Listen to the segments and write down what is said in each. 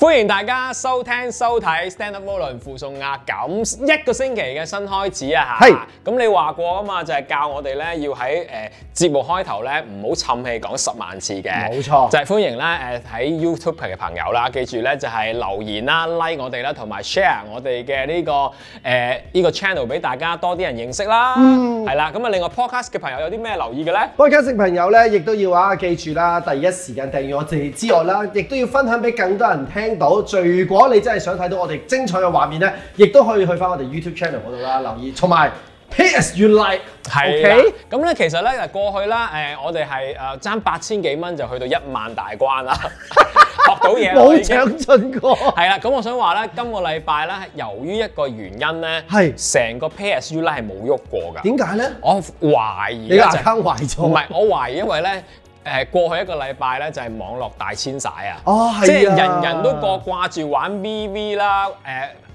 歡迎大家收聽收睇 Stand Up Volun 附送壓咁一個星期嘅新開始啊吓，係咁是你話過啊嘛，就係、是、教我哋咧要喺誒、呃、節目開頭咧唔好沉氣講十萬次嘅，冇錯錯就係歡迎咧誒、呃、喺 YouTube 嘅朋友啦，記住咧就係、是、留言啦、like 我哋啦，同埋 share 我哋嘅呢個誒呢、呃這個 channel 俾大家多啲人認識啦，係啦、嗯，咁啊另外 Podcast 嘅朋友有啲咩留意嘅咧？Podcast 朋友咧亦都要啊記住啦，第一時間訂閱我哋之外啦，亦都要分享俾更多人聽。聽到，如果你真係想睇到我哋精彩嘅畫面咧，亦都可以去翻我哋 YouTube channel 嗰度啦，留意，同埋 PSU line，係啦。咁咧其實咧，過去啦，誒，我哋係誒爭八千幾蚊就去到一萬大關啦，學到嘢啦。冇長進過。係啦。咁我想話咧，今個禮拜咧，由於一個原因咧，係成個 PSU line 係冇喐過㗎。點解咧？我懷疑。你啱啱懷疑？唔係，我懷疑，因為咧。誒過去一個禮拜咧，就係網絡大遷徙啊！哦，係啊！即係人人都個掛住玩 MeWe 啦，誒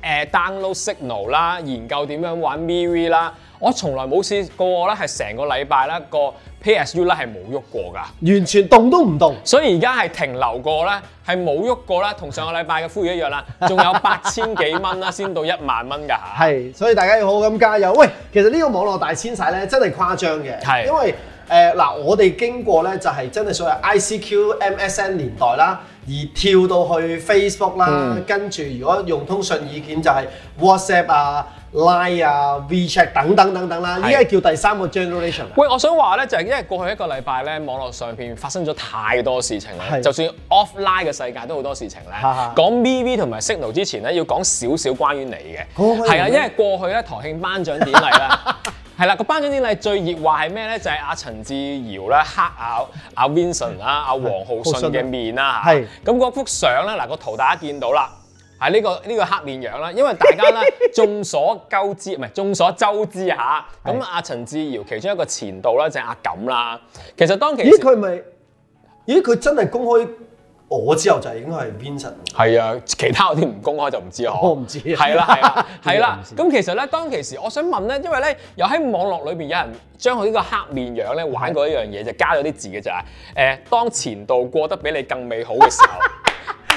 誒 download signal 啦，研究點樣玩 MeWe 啦。我從來冇試過，我咧係成個禮拜咧個 PSU 咧係冇喐過㗎，完全動都唔動。所以而家係停留過咧，係冇喐過啦。同上個禮拜嘅呼籲一樣啦，仲有八千幾蚊啦，先到一萬蚊㗎嚇。係，所以大家要好咁加油。喂，其實呢個網絡大遷徙咧，真係誇張嘅，係因為。誒嗱、呃，我哋經過咧就係、是、真係所謂 ICQ、MSN 年代啦，而跳到去 Facebook 啦，嗯、跟住如果用通訊軟件就係 WhatsApp 啊、Line 啊、WeChat 等等等等啦，呢個是叫第三個 generation。喂，我想話咧就係、是、因為過去一個禮拜咧網絡上邊發生咗太多事情啦，是就算 offline 嘅世界都好多事情咧。是是講 MeWe 同埋 Signal 之前咧要講少少關於你嘅，係去啊，因為過去咧台慶頒，頒獎典禮啦。係啦，個頒獎典禮最熱話係咩咧？就係阿陳自瑤咧黑阿阿 Vincent 阿王浩信嘅面啦嚇。咁嗰幅相咧，嗱、嗯、個圖是大家見到啦，係呢是、這個呢、這個黑面樣啦。因為大家咧 眾所鳩之眾所周知，唔係眾所周知嚇。咁阿、啊、陳自瑤其中一個前度咧就係阿、啊、錦啦。其實當其時佢咪咦佢真係公開？我之後就係應該係邊層？係啊，其他嗰啲唔公開就唔知啦。我唔知。係啦、啊，係啦、啊。咁、啊啊、 其實咧，當其時，我想問咧，因為咧，有喺網絡裏邊有人將佢呢個黑面樣咧玩過一樣嘢，就加咗啲字嘅就係誒，當前度過得比你更美好嘅時候。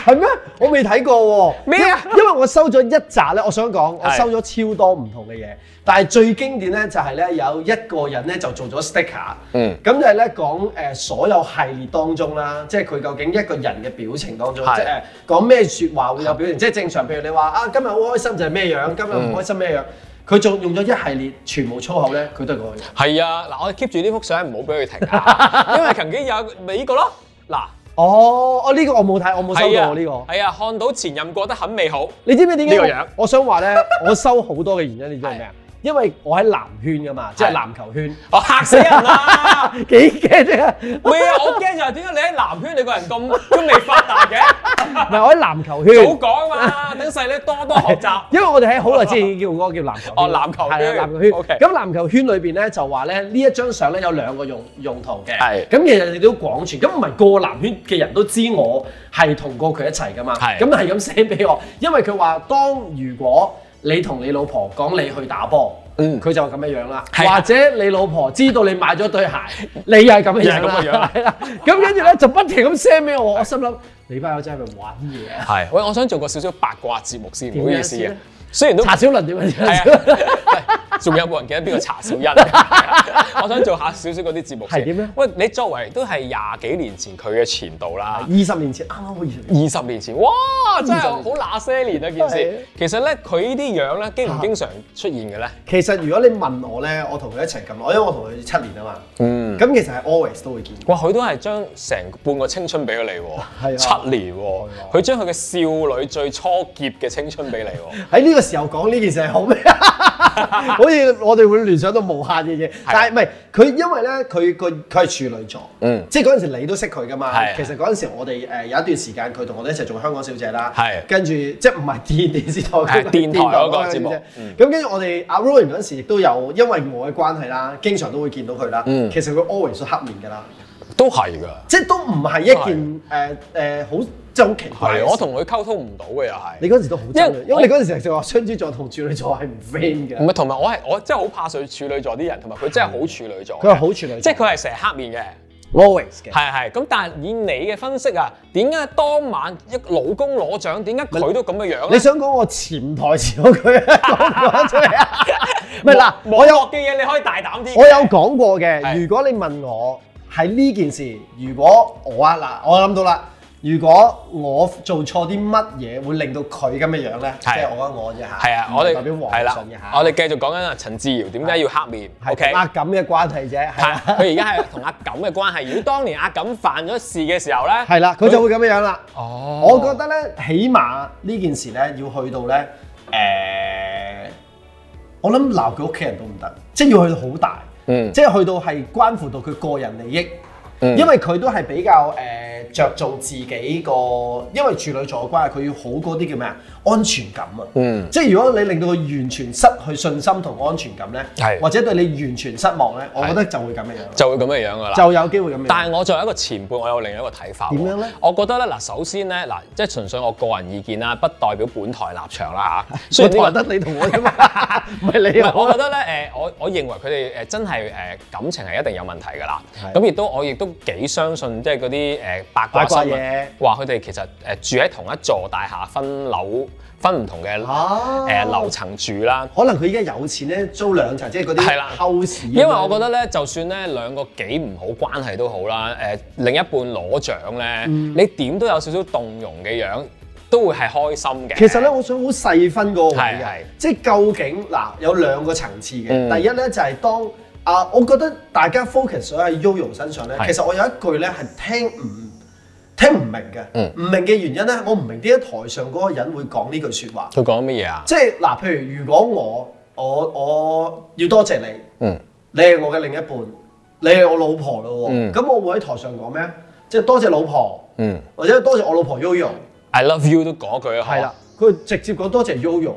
係咩？我未睇過喎。咩啊？因為我收咗一集咧，我想講，我收咗超多唔同嘅嘢。是但係最經典咧，就係咧有一個人咧就做咗 sticker。嗯。咁就係咧講誒所有系列當中啦，即係佢究竟一個人嘅表情當中，即係講咩説話會有表情。 即係正常，譬如你話啊，今日好開心就係咩樣，今日唔開心咩樣。佢仲、嗯、用咗一系列全部粗口咧，佢都係咁樣。係啊，嗱，我 keep 住呢幅相唔好俾佢停下！ 因為曾經有美國咯。嗱。.哦，啊、這、呢個我冇睇，我冇收過呢、啊、這個。係啊，看到前任過得很美好。你知唔知點解呢個樣？我想話咧， 我收好多嘅原因，你知道係咩啊？因為我喺籃圈㗎嘛，即係籃球圈。我嚇死人啦，幾驚啫？唔係啊，我驚就係點解你喺籃圈，你個人咁都未發達嘅？唔係我喺籃球圈。好講啊嘛，等細你多多學習。因為我哋喺好耐之前叫嗰個叫籃球。哦，籃球圈。係啊，籃球圈。OK，咁籃球圈裏邊咧就話咧呢一張相咧有兩個用用途嘅。係。咁其實你都講住，咁唔係個個籃圈嘅人都知我係同過佢一齊㗎嘛。係。咁係咁寫俾我，因為佢話當如果。你同你老婆講你去打波，嗯，佢就咁嘅樣啦。啊、或者你老婆知道你買咗對鞋，你又係咁嘅樣，係啊。咁跟住咧就不停咁 send 俾我， 我心諗你班友仔係咪玩嘢啊？係，喂，我想做個少少八卦節目先，唔好意思嘅。 雖然都查小倫點樣？係仲 有冇人記得邊個查小欣？ 我想做下少少嗰啲節目先。係點咧？喂，你作為都係廿幾年前佢嘅前度啦。二十年前，啱啱可二十年前。哇！哇，真係好那些年啊件事。其實咧，佢呢啲樣咧經唔經常出現嘅咧？其實如果你問我咧，我同佢一齊咁耐，因為我同佢七年啊嘛。嗯。咁其實係 always 都會見。哇！佢都係將成半個青春俾咗你喎。 啊。七年喎，佢將佢嘅少女最初結嘅青春俾你喎。喺呢、 個時候講呢件事係好咩？好似我哋會聯想到無限嘅嘢，的但係唔係佢，因為咧佢個佢係處女座，嗯，即係嗰陣時你都識佢噶嘛？係的其實嗰陣時我哋誒有一段時間佢同我哋一齊做香港小姐啦，係的，跟住即係唔係電電視台嘅，係的電台嗰個節目。咁、嗯、跟住我哋阿 r o l l i a 嗰時亦都有，因為我嘅關係啦，經常都會見到佢啦。嗯，其實佢 always 都黑面㗎啦。都係噶，即係都唔係一件誒誒好即係好奇怪。我同佢溝通唔到嘅又係，你嗰陣時都好，因為你嗰陣時成日就話雙子座同處女座係唔 friend 嘅。唔係，同埋我係我真係好怕水處女座啲人，同埋佢真係好處女座。佢係好處女，即係佢係成日黑面嘅，always 嘅。係係，咁但係以你嘅分析啊，點解當晚一老公攞獎，點解佢都咁嘅樣？你想講我潛台詞嗰句講出嚟啊？唔係嗱，我有學嘅嘢，你可以大膽啲。我有講過嘅，如果你問我。喺呢件事，如果我啊嗱，我諗到啦，如果我做錯啲乜嘢，會令到佢咁嘅樣咧，即我講我啫嚇。係啊，我哋係啦，我哋繼續講緊啊，陳自瑤點解要黑面？係、啊、Okay? 阿錦嘅關係啫。係佢而家係同阿錦嘅關係。 如果當年阿錦犯咗事嘅時候咧，係啦、啊，佢就會咁樣樣啦。哦，我覺得咧，起碼呢件事咧，要去到咧，誒、呃，我諗鬧佢屋企人都唔得，即係要去到好大。嗯，即係去到係關乎到佢個人利益，嗯、因為佢都係比較誒、呃、著重自己個，因為處女座嘅關係，佢要好過啲叫咩啊？安全感啊，嗯，即係如果你令到佢完全失去信心同安全感咧，係，或者對你完全失望咧，我覺得就會咁嘅樣，就會咁嘅樣噶啦，就有機會咁樣。但係我作為一個前輩，我有另一個睇法。點樣咧？我覺得咧，嗱，首先咧，嗱，即係純粹我個人意見啦，不代表本台立場啦，吓，所以我覺得你同我啫嘛，唔係你。我覺得咧，誒，我我認為佢哋誒真係誒感情係一定有問題噶啦。咁亦都我亦都幾相信，即係嗰啲誒八卦新聞，話佢哋其實誒住喺同一座大廈分樓。分唔同嘅誒樓層住啦，可能佢依家有錢咧租兩層，即係嗰啲。係啦，因為我覺得咧，就算咧兩個幾唔好關係都好啦，誒另一半攞獎咧，你點都有少少動容嘅樣，都會係開心嘅。其實咧，我想好細分嗰個位嘅，即係究竟嗱有兩個層次嘅。第一咧就係當啊，我覺得大家 focus 咗喺 YoYo 身上咧，其實我有一句咧係聽唔。聽唔明嘅，嗯，唔明嘅原因咧，我唔明點解台上嗰個人會講呢句説話。佢講乜嘢啊？即係嗱，譬如如果我我我要多謝你，嗯，你係我嘅另一半，你係我老婆咯喎，嗯，咁我會喺台上講咩？即係多謝老婆，嗯，或者多謝我老婆 YoYo，I love you 都講一句啊，係啦，佢直接講多謝 YoYo。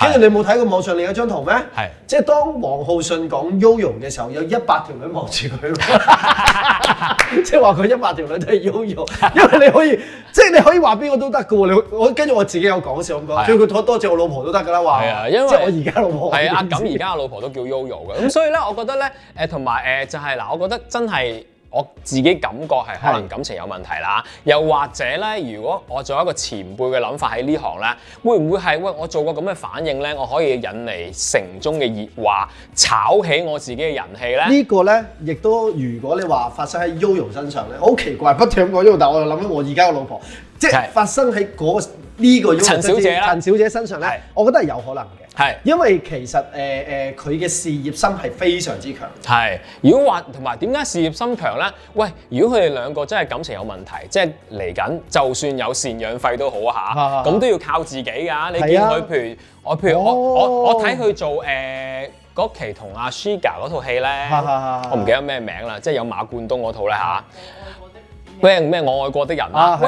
跟住你冇睇過網上另一張圖咩？係的，即係當王浩信講 YoYo 嘅時候，有一百條女望住佢， 即係話佢一百條女都係 YoYo，因為你可以，即係你可以話邊個都得嘅喎。你我跟住我，我自己有講笑講，的所以佢多多謝我老婆都得㗎啦，話即係我而家老婆。係啊，阿而家嘅老婆都叫 YoYo 嘅，咁所以咧，我覺得咧，誒同埋誒就係、是、嗱，我覺得真係。我自己感覺係可能感情有問題啦，是的 又或者咧，如果我做一個前輩嘅諗法喺呢行咧，會唔會係喂我做過咁嘅反應咧，我可以引嚟城中嘅熱話，炒起我自己嘅人氣咧？個呢個咧，亦都如果你話發生喺 Yoyo 身上咧，好奇怪，不斷咁講 Yoyo 但我又諗翻我而家嘅老婆，即、就、係、是、發生喺嗰、那個。呢個陳小姐啦，陳小姐身上咧，我覺得係有可能嘅。係，因為其實誒誒，佢嘅事業心係非常之強。係。如果話同埋點解事業心強咧？喂，如果佢哋兩個真係感情有問題，即係嚟緊，就算有贍養費都好啊嚇，咁都要靠自己㗎。你見佢譬如我譬如我我我睇佢做誒嗰期同阿 Sugar 嗰套戲咧，我唔記得咩名啦，即係有馬冠東嗰套咧嚇。咩咩我愛過的人啊！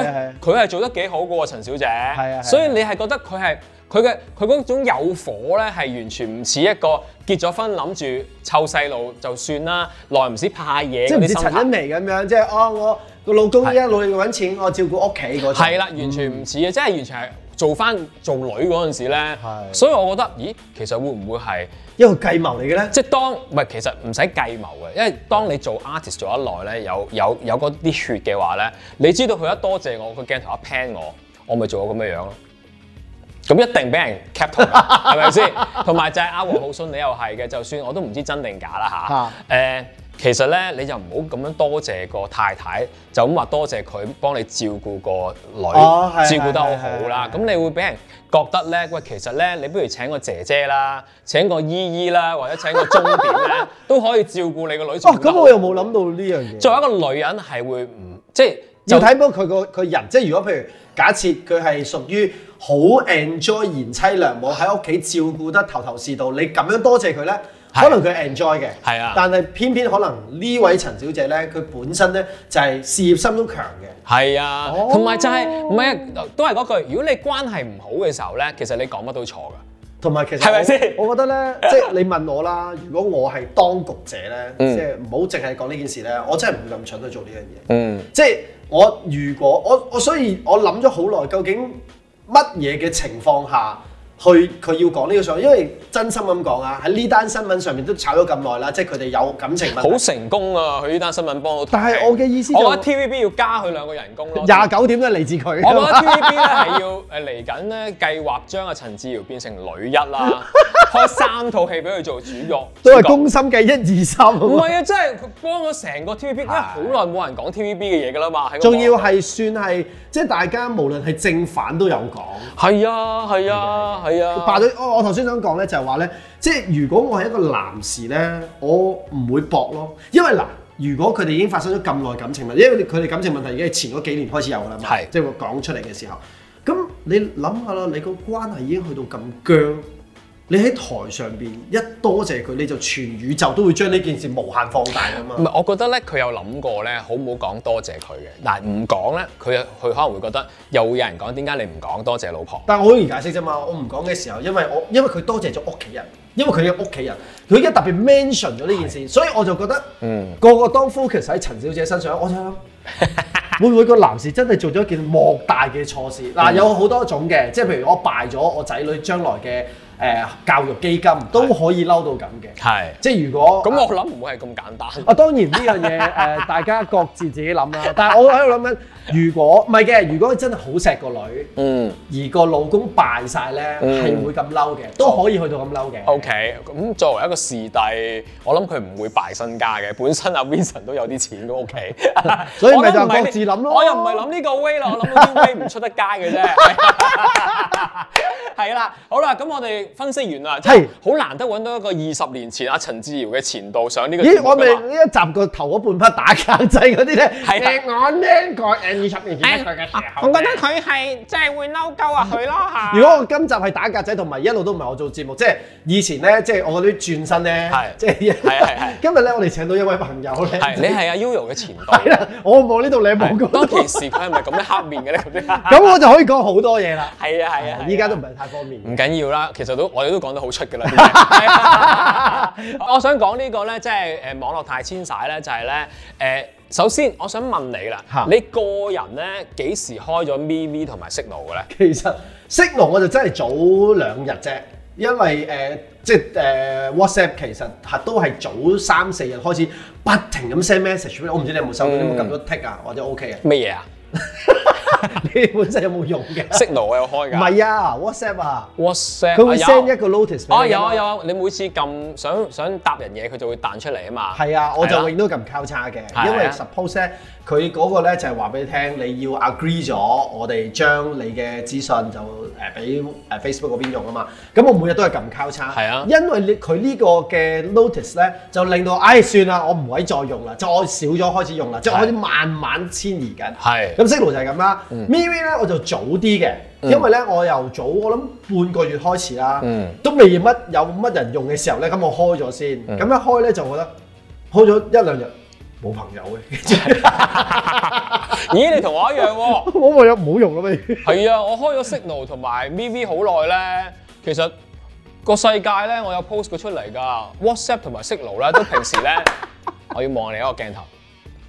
佢係做得幾好嘅喎，陳小姐。係啊，啊所以你係覺得佢係佢嘅佢嗰種有火咧，係完全唔似一個結咗婚諗住湊細路就算啦，耐唔使拍嘢，即係陳欣妮咁樣，即係哦，我個老公一路努力揾錢，啊、我照顧屋企嗰啲。係啦、啊，完全唔似嘅，即係、嗯、完全係。做翻做女嗰陣時咧，是所以我覺得，咦，其實會唔會係一個計謀嚟嘅咧？即係當唔係其實唔使計謀嘅，因為當你做 artist 做得耐咧，有有有嗰啲血嘅話咧，你知道佢一多謝,謝我，個鏡頭一 pan 我，我咪做咗咁樣樣咯。咁一定俾人 capture，係咪先？同埋 就係阿王浩信，你又係嘅，就算我都唔知真定假啦嚇。誒、啊。 呃其實咧，你就唔好咁樣多謝個太太，就咁話多謝佢幫你照顧個女，哦、照顧得好好啦。咁你會俾人覺得咧，喂，其實咧，你不如請個姐姐啦，請個姨姨啦，或者請個中年咧鐘點啦， 都可以照顧你個女。哇！咁、哦、我又冇諗到呢樣嘢。作為一個女人，係會唔即係就睇到佢個佢人。即係如果譬如假設佢係屬於好 enjoy 賢妻良母喺屋企照顧得頭頭是道，你咁樣多謝佢咧？可能佢 enjoy 嘅，係是啊，但係偏偏可能呢位陳小姐咧，佢本身咧就係、是、事業心都強嘅，係是啊、哦就是，同埋就係，唔係啊，都係嗰句，如果你關係唔好嘅時候咧，其實你講乜都錯㗎，同埋其實，係咪先？我覺得咧， 即係你問我啦，如果我係當局者咧，嗯、即係唔好淨係講呢件事咧，我真係唔會咁蠢去做呢樣嘢，嗯，即係我如果我我所以我諗咗好耐，究竟乜嘢嘅情況下？佢佢要講呢個上，因為真心咁講啊，喺呢單新聞上面都炒咗咁耐啦，即係佢哋有感情。好成功啊！佢呢單新聞幫我。但係我嘅意思、就係、我覺得 TVB 要加佢兩個人工咯。廿九點都嚟自佢。我覺得 TVB 咧係要誒嚟緊咧計劃將阿陳自瑤變成女一啦，開 三套戲俾佢做主角，都係攻心計一二三。唔係啊，即係幫咗成個 TVB，的因為好耐冇人講 TVB 嘅嘢㗎啦嘛。仲要係算係，即係大家無論係正反都有講。係、嗯、啊，係啊。係啊，霸女，我我頭先想講咧就係話咧，即係如果我係一個男士咧，我唔會搏咯，因為嗱，如果佢哋已經發生咗咁耐感情啦，因為佢哋感情問題已經係前嗰幾年開始有啦嘛，係，即係講出嚟嘅時候，咁你諗下啦，你個關係已經去到咁僵。你喺台上邊一多謝佢，你就全宇宙都會將呢件事無限放大啊！嘛，唔係我覺得咧，佢有諗過咧，好唔好講多謝佢嘅嗱？唔講咧，佢佢可能會覺得又會有人講點解你唔講多謝老婆？但係我好容易解釋啫嘛，我唔講嘅時候，因為我因為佢多謝咗屋企人，因為佢嘅屋企人佢而家特別 mention 咗呢件事，是所以我就覺得嗯個個當 focus 喺陳小姐身上，我就諗會唔會個男士真係做咗一件莫大嘅錯事嗱？有好多種嘅，即係譬如我敗咗我仔女將來嘅。誒教育基金都可以嬲到咁嘅？係的即係如果咁，我諗唔會係咁簡單。啊，當然呢樣嘢誒， 大家各自自己諗啦。但係我喺度諗緊。如果唔係嘅，如果真係好錫個女，嗯，而個老公敗晒咧，係唔會咁嬲嘅，都可以去到咁嬲嘅。O K，咁作為一個視帝，我諗佢唔會敗身家嘅。本身阿、啊、Vincent 都有啲錢嘅。屋企，所以咪就各自諗咯我。我又唔係諗呢個 way 啦，諗呢個 way 唔出得街嘅啫。係 啦， 好啦，咁我哋分析完啦，係好是難得揾到一個二十年前阿、啊、陳自瑤嘅前度上呢個咦。咦？我咪呢一集個頭嗰半匹打格仔嗰啲咧？係我呢個。的 我覺得佢係即係會嬲鳩啊。佢咯嚇。如果我今集係打格仔，同埋一路都唔係我做節目，即係以前咧，即係我啲轉身咧，係，係係係。今日咧，我哋請到一位朋友咧，你係阿 YoYo 嘅前度。我冇呢度你冇講。當其時佢係咪咁樣黑面嘅咧？咁我就可以講好多嘢啦。係啊係啊，依家都唔係太方便。唔緊要啦，其實都我哋都講得好出㗎啦。我想講呢個咧，即係誒網絡太遷徙咧，就係咧誒。首先我想問你啦，你個人咧幾時開咗 MeWe 同埋 Signal 嘅咧？其實 Signal 我就真係早兩日啫，因為誒、呃、即係誒、呃、WhatsApp 其實係都係早三四日開始不停咁 send message 畀我，我唔知你有冇收到、嗯，你有冇撳咗 tick 啊？或者 OK 啊。咩嘢啊？你本身有冇用嘅 signal？我有開㗎。唔係啊，WhatsApp 啊，WhatsApp 佢會 send 一個 notice 啊，有啊有。啊，你每次撳想想答人嘢，佢就會彈出嚟啊嘛。係啊，我就永遠都撳交叉嘅，因為 suppose 咧，佢嗰個咧就係話俾你聽，你要 agree 咗，我哋將你嘅資訊就誒俾誒 Facebook 嗰邊用啊嘛。咁我每日都係撳交叉。係啊，因為你佢呢個嘅 notice 咧，就令到唉算啦，我唔可以再用啦，再少咗開始用啦，就開始慢慢遷移緊，係咁 signal 就係咁啦。MeWe 咧我就早啲嘅，因為咧我由早我諗半個月開始啦，都未乜有乜人用嘅時候咧，咁我開咗先，咁一開咧就覺得開咗一兩日冇朋友嘅，咦你同我一樣喎，冇朋友唔好用咯咩？係啊，我開咗 Signal 同埋 MeWe 好耐咧，其實個世界咧我有 post 佢出嚟噶，WhatsApp 同埋 Signal 咧都平時咧，我要望你一個鏡頭。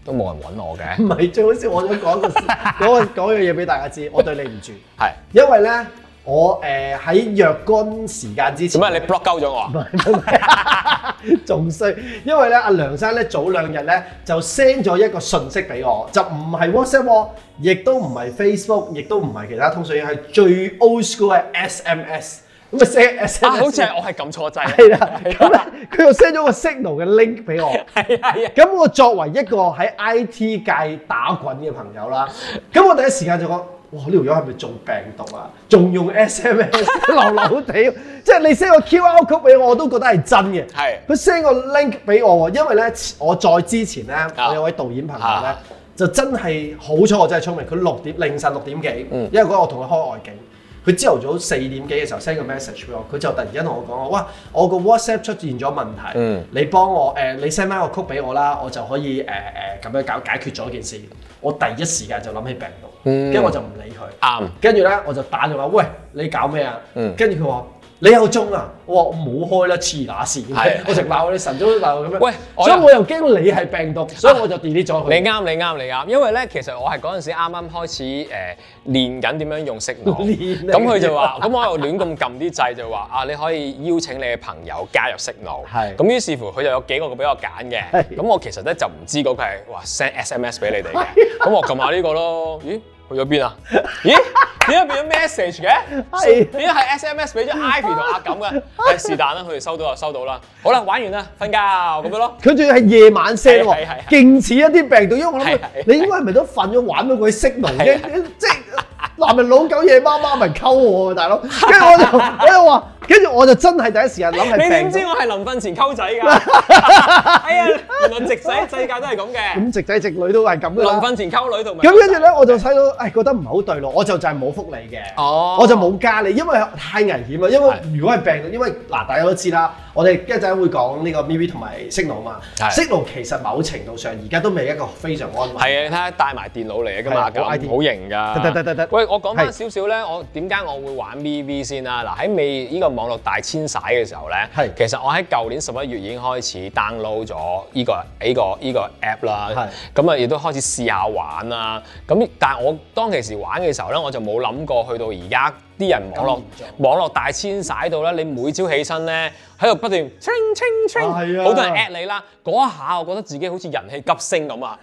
都冇人揾我嘅，唔係最好笑。我想講個講個講樣嘢俾大家知，我對你唔住。係，因為咧，我誒喺若干時間之前，乜你 block 鳩咗我？唔係唔係，仲衰。因為咧，阿梁生咧早兩日咧就 send 咗一個信息俾我，就唔係 WhatsApp 我，亦都唔係 Facebook，亦都唔係其他通訊軟件，係最 old school 嘅 SMS。唔係 s, s, MS, 好似我係撳錯掣。係啦、啊，咁咧佢又 send 咗個 Signal 嘅 link 俾我。係係、啊。咁、啊、我作為一個喺 IT 界打滾嘅朋友啦，咁我第一時間就講：哇！呢條友係咪中病毒啊？仲用 SMS 流流地，即係你 send 個 QR code 俾我，我都覺得係真嘅。係、啊。佢 send 個 link 俾我，因為咧我再之前咧，我有位導演朋友咧，就真係好彩，我真係聰明。佢六點凌晨六點幾，因為嗰日我同佢開外景。佢朝頭早四點幾嘅時候 send 個 message 俾我，佢就突然間同我講話，哇！我個 WhatsApp 出現咗問題，嗯、你幫我誒、呃，你 send 翻個曲俾我啦，我就可以誒誒咁樣搞解決咗件事。我第一時間就諗起病毒，跟住、嗯、我就唔理佢。啱、嗯，跟住咧我就打咗電話，喂，你搞咩啊？跟住佢話。你有鐘啊？我冇開啦，遲那時，的我成日鬧你晨早鬧咁樣。喂又，所以我又驚你係病毒，啊、所以我就 delete 咗佢。你啱，你啱，你啱，因為咧，其實我係嗰陣時啱啱開始誒、呃、練緊點樣用 Signal，咁佢就話，咁我又亂咁撳啲掣就話啊，你可以邀請你嘅朋友加入 Signal< 的>，咁於是乎佢就有幾個俾我揀嘅，咁的我其實咧就唔知嗰個係 send SMS 俾你哋嘅，咁 我撳下呢個咯，咦？去咗邊啊？咦？點解變咗 message 嘅？點解係 SMS 俾咗 ivy 同阿錦嘅？係是但啦，佢哋收到就收到啦。好啦，玩完啦，瞓覺咁樣咯。佢仲要係夜晚 send 喎，勁似一啲病毒。因為我諗你應該係咪都瞓咗玩到佢色濃？即係即係，男人老狗夜媽媽咪溝我喎，大佬？跟住我就我就話。跟住我就真係第一時間諗係，你點知我係臨瞓前溝仔㗎？ 哎呀，無論直仔世界都係咁嘅。咁直仔直女都係咁嘅。臨瞓前溝女同埋。咁跟住咧，我就睇到，誒、哦，覺得唔係好對路，我就就係冇福利嘅。哦。我就冇加你，因為太危險啦。因為如果係病，因為嗱，大家都知啦。我哋一陣會講呢個 MeWe 同埋 Signal 啊嘛，Signal 其實某程度上而家都未一個非常安全。係啊，你睇下帶埋電腦嚟嘅嘛，好型㗎。喂，我講翻少少咧，我點解我會玩 MeWe 先啦？嗱，喺未呢個網絡大遷徙嘅時候咧，係其實我喺舊年十一月已經開始 download 咗呢個依個依個 app 啦，係咁啊，亦都開始試下玩啦。咁但係我當其時玩嘅時候咧，我就冇諗過去到而家。啲人網絡網絡大遷徙到咧，你每朝起身咧喺度不斷清清清，好多人 at 你啦，嗰一下我覺得自己好似人氣急升咁 啊！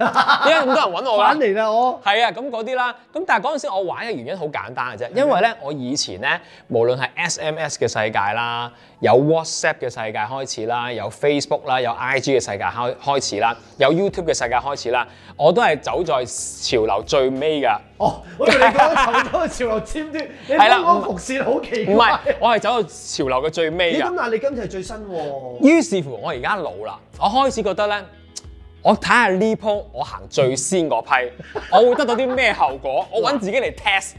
點解咁多人搵我玩嚟啦？我係啊，咁嗰啲啦，咁但係嗰陣時我玩嘅原因好簡單嘅啫，因為咧我以前咧無論係 SMS 嘅世界啦。有 WhatsApp 嘅世界開始啦，有 Facebook 啦，有 IG 嘅世界開開始啦，有 YouTube 嘅世界開始啦，我都係走在潮流最尾噶。哦，我同你講咗好多潮流尖端，你剛剛伏線好奇怪。唔係， 我係走到潮流嘅最尾。咁但係你今次係最新喎。 於是乎，我而家老啦，我開始覺得咧。我睇下呢鋪我行最先嗰批，我會得到啲咩後果？我揾自己嚟 test，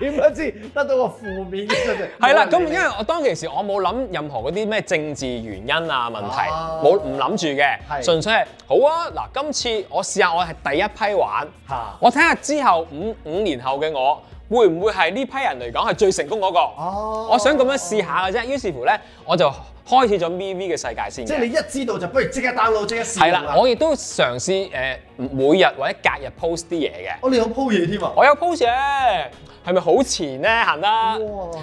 點樣知得到個負面嘅嘅。係啦，咁 因為我當其時我冇諗任何嗰啲咩政治原因啊問題，冇唔諗住嘅，啊、純粹係好啊！嗱，今次我試下我係第一批玩，啊、我睇下之後五五年後嘅我會唔會係呢批人嚟講係最成功嗰、那個？啊、我想咁樣試下嘅啫，啊啊、於是乎咧我就。開始咗 V V 嘅世界，先即係你一知道就不如即刻 download 即刻試。係啦，我亦都嘗試誒、呃、每日或者隔日 post 啲嘢嘅。我哋有 post 嘢添啊？我有 post 嘢，係咪好前咧行得！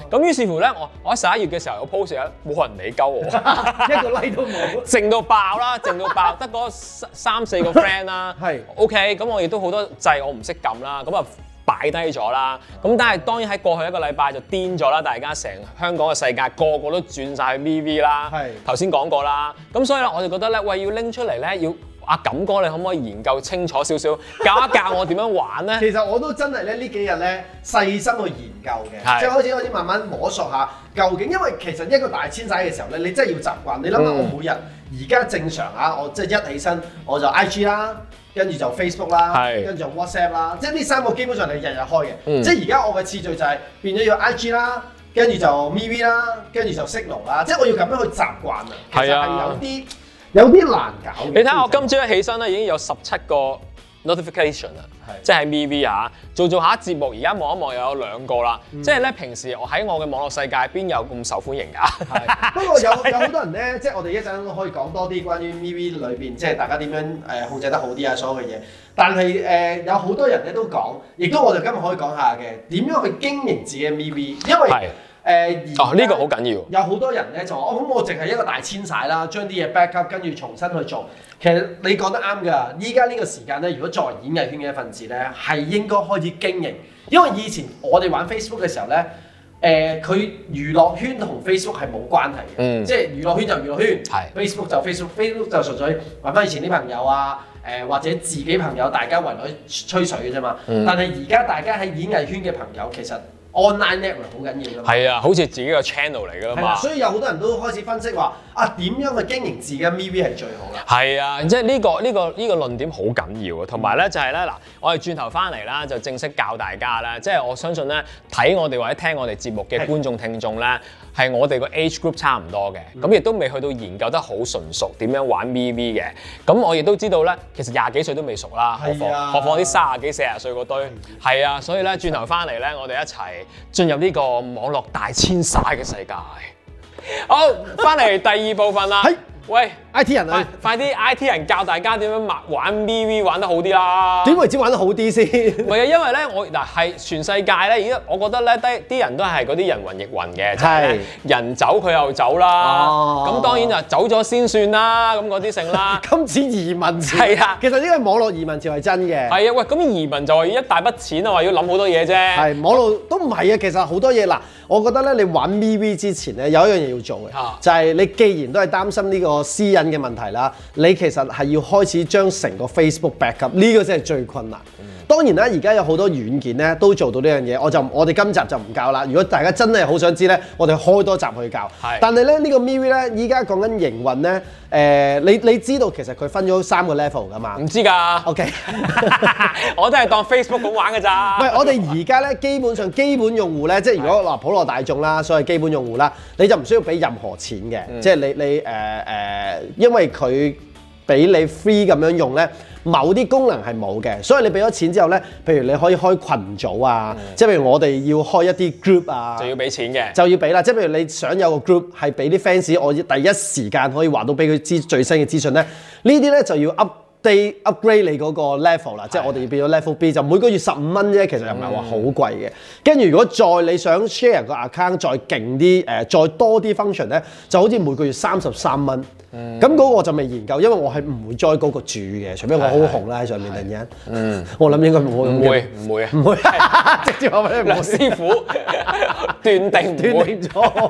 咁於是乎咧，我我喺十一月嘅時候有 post 嘅，冇人理鳩我， 一個 like 都冇，靜到爆啦，靜到爆，得嗰三四個 friend 啦。係。O K，咁我亦都好多掣我唔識撳啦，咁啊。 是 okay, 擺低咗啦，咁但係當然喺過去一個禮拜就癲咗啦，大家成香港嘅世界個個都轉晒 V V 啦係，頭先講過啦，咁所以咧我就覺得咧，喂要拎出嚟咧要。阿、啊、錦哥，你可唔可以研究清楚少少，教一教我點樣玩咧？ 其實我都真係咧呢幾日咧細心去研究嘅，是即係開始開始慢慢摸索下究竟，因為其實一個大遷徙嘅時候咧，你真係要習慣。你諗下，我每日而家正常啊，我即係一起身我就 I G 啦，跟住就 Facebook 啦，跟住是就 WhatsApp 啦，即係呢三個基本上係日日開嘅。是即係而家我嘅次序就係變咗要 I G 啦，跟住就 MeWe 啦，跟住就 Signal 啦，即係我要咁樣去習慣啊。其實係有啲是。有啲難搞。你睇下我今朝一起身咧，已經有十七個 notification 啦，是即係 MeWe 啊，做做下節目，而家望一望又有兩個啦。嗯、即係咧，平時我喺我嘅網絡世界邊有咁受歡迎㗎？是 不過有有好多人咧，即係我哋一陣可以講多啲關於 MeWe 裏邊，即係大家點樣誒控制得好啲啊，所有嘅嘢。但係誒、呃、有好多人咧都講，亦都我哋今日可以講下嘅點樣去經營自己嘅 MeWe，因為，誒，呢、哦呢個好緊要，有好多人呢就話，哦咁我淨係一個大遷徙啦，將啲嘢 backup 跟住重新去做。其實你講得啱㗎，依家呢個時間呢，如果作為演藝圈嘅一份子呢，係應該開始經營。因為以前我哋玩 Facebook 嘅時候呢，佢、呃、娛樂圈同 Facebook 係冇關係嘅，嗯、即係娛樂圈就娛樂圈是，Facebook 就 Facebook，Facebook 就純粹玩翻以前啲朋友啊，誒、呃、或者自己朋友、嗯、大家圍來吹水嘅啫嘛。嗯、但係而家大家喺演藝圈嘅朋友其實。Online network 好緊要㗎，係啊，好似自己個 channel 嚟㗎嘛。所以有好多人都開始分析話，啊點樣去經營自己嘅 MeWe 係最好㗎。係啊，即係呢個呢個呢個論點好緊要啊。同埋咧就係咧，嗱，我哋轉頭翻嚟啦，就正式教大家啦。即係我相信咧，睇我哋或者聽我哋節目嘅觀眾聽眾啦。係我哋個 age group 差唔多嘅，咁亦都未去到研究得好純熟點樣玩 MeWe 嘅，咁我亦都知道咧，其實廿幾歲都未熟啦，啊，何況何況啲卅幾四十歲嗰堆，係啊，所以咧轉頭翻嚟咧，我哋一齊進入呢個網絡大遷徙嘅世界。好，翻嚟第二部分啦， 喂。I.T. 人啊，快啲！I.T. 人教大家點樣玩 MeWe 玩得好啲啦。點會知玩得好啲先？唔係啊，因為咧，我嗱係全世界咧，而家我覺得咧，啲啲人都係嗰啲人雲亦雲嘅，即係人走佢又走啦。咁當然就走咗先算啦，咁嗰啲性啦。今次移民潮，其實呢個網絡移民就係真嘅。係啊，喂，咁移民就係要一大筆錢啊，話要諗好多嘢啫。係，網絡都唔係啊。其實好多嘢嗱，我覺得咧，你玩 MeWe 之前咧，有一樣嘢要做嘅，就係你既然都係擔心呢個私隱。嘅問題啦，你其實係要開始將成個 Facebook backup，呢個先係最困難。當然啦，而家有好多軟件咧都做到呢樣嘢，我就我哋今集就唔教啦。如果大家真係好想知咧，我哋開多集去教。係是，但係咧呢、呢個 MeWe 咧，依家講緊營運咧，誒、呃，你你知道其實佢分咗三個 level 噶嘛？唔知㗎。OK，我都係當 Facebook 咁玩㗎咋。喂， 我哋而家咧基本上基本用戶咧，即係如果話普羅大眾啦，所謂基本用戶啦，你就唔需要俾任何錢嘅，即係、嗯、你你誒誒、呃呃，因為佢。俾你 free 咁樣用咧，某啲功能係冇嘅，所以你俾咗錢之後咧，譬如你可以開群組啊，即係、嗯、譬如我哋要開一啲 group 啊，就要俾錢嘅，就要俾啦。即係譬如你想有個 group 係俾啲 fans，我第一時間可以話到俾佢知最新嘅資訊咧，呢啲咧就要 up。They upgrade 你嗰個 level 啦的，即係我哋要變咗 level B，就每個月十五蚊啫，其實又唔係話好貴嘅。跟住、嗯、如果再你想 share 個 account 再勁啲，誒、呃、再多啲 function 咧，就好似每個月三十三蚊。嗯，咁嗰個我就未研究，因為我係唔會再嗰個住嘅，除非我好紅啦，的喺上面突然間，嗯的，我諗應該唔會咁嘅。唔的會唔會啊？唔會 直接話俾你黃師傅斷定 斷定咗。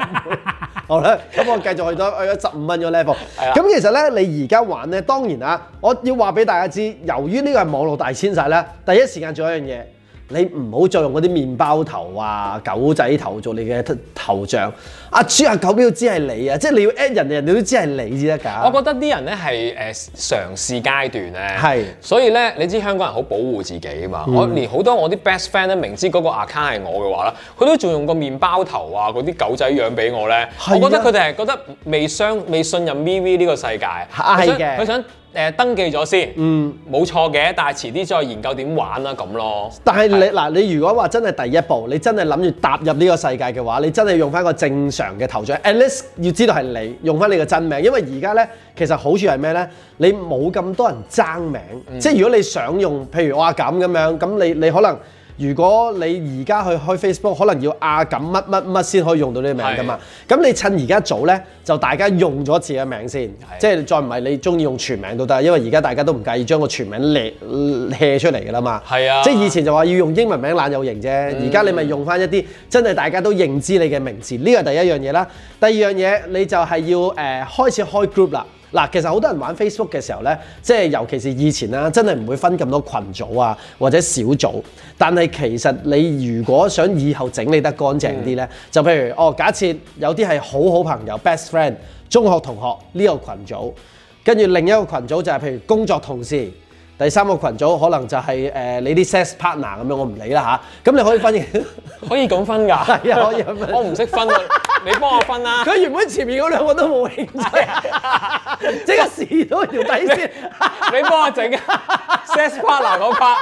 好啦，咁 Alright, 我繼續去到去到十五蚊嗰 level，咁 其實呢，你而家玩呢？當然啊，我要話俾大家知，由於呢個係網絡大遷徙呢，第一時間做一樣嘢。你唔好再用嗰啲麵包頭啊、狗仔頭做你嘅頭像，阿、啊、豬啊、狗都知係你啊，即係你要 at 人哋，人哋都知係你至得㗎。我覺得啲人咧係誒嘗試階段咧、啊，係是，所以咧你知香港人好保護自己啊嘛。嗯、我連好多我啲 best friend 咧，明知嗰個 account 係我嘅話咧，佢都仲用個麵包頭啊、嗰啲狗仔樣俾我咧。的我覺得佢哋係覺得未相、未信任 MeWe 呢個世界。係嘅，佢想。誒、呃、登記咗先，嗯，冇錯嘅，但係遲啲再研究點玩啦、啊、咁咯。但係你嗱，是你如果話真係第一步，你真係諗住踏入呢個世界嘅話，你真係用返個正常嘅頭像，at least 要知道係你用返你嘅真名，因為而家呢，其實好處係咩呢？你冇咁多人爭名，嗯、即係如果你想用，譬如我話咁咁樣，咁你你可能。如果你而家去開 Facebook，可能要啊咁乜乜乜先可以用到呢個名㗎嘛。咁是的 你趁而家早咧，就大家用咗自己嘅名先，是的 即係再唔係你中意用全名都得，因為而家大家都唔介意將個全名列出嚟㗎啦嘛。係啊，即係以前就話要用英文名懶有型啫，而家、嗯、你咪用翻一啲真係大家都認知你嘅名字，呢個第一樣嘢啦。第二樣嘢你就係要誒、呃、開始開 group 啦。嗱，其實好多人玩 Facebook 嘅時候呢，即係尤其是以前啦，真係唔會分咁多群組啊，或者小組。但係其實你如果想以後整理得乾淨啲呢，嗯、就譬如哦，假設有啲係好好朋友、best friend、中學同學呢、呢個群組，跟住另一個群組就係譬如工作同事，第三個群組可能就係、是、誒、呃、你啲 sex partner 咁樣，我唔理啦吓，咁你可以分，可以講分㗎， 可以分 係啊，我唔識分啊。 你幫我分啦！佢原本前面嗰兩個都冇興趣，即刻試到條底先。 你幫我整啊！SAS 瓜嗱我拍。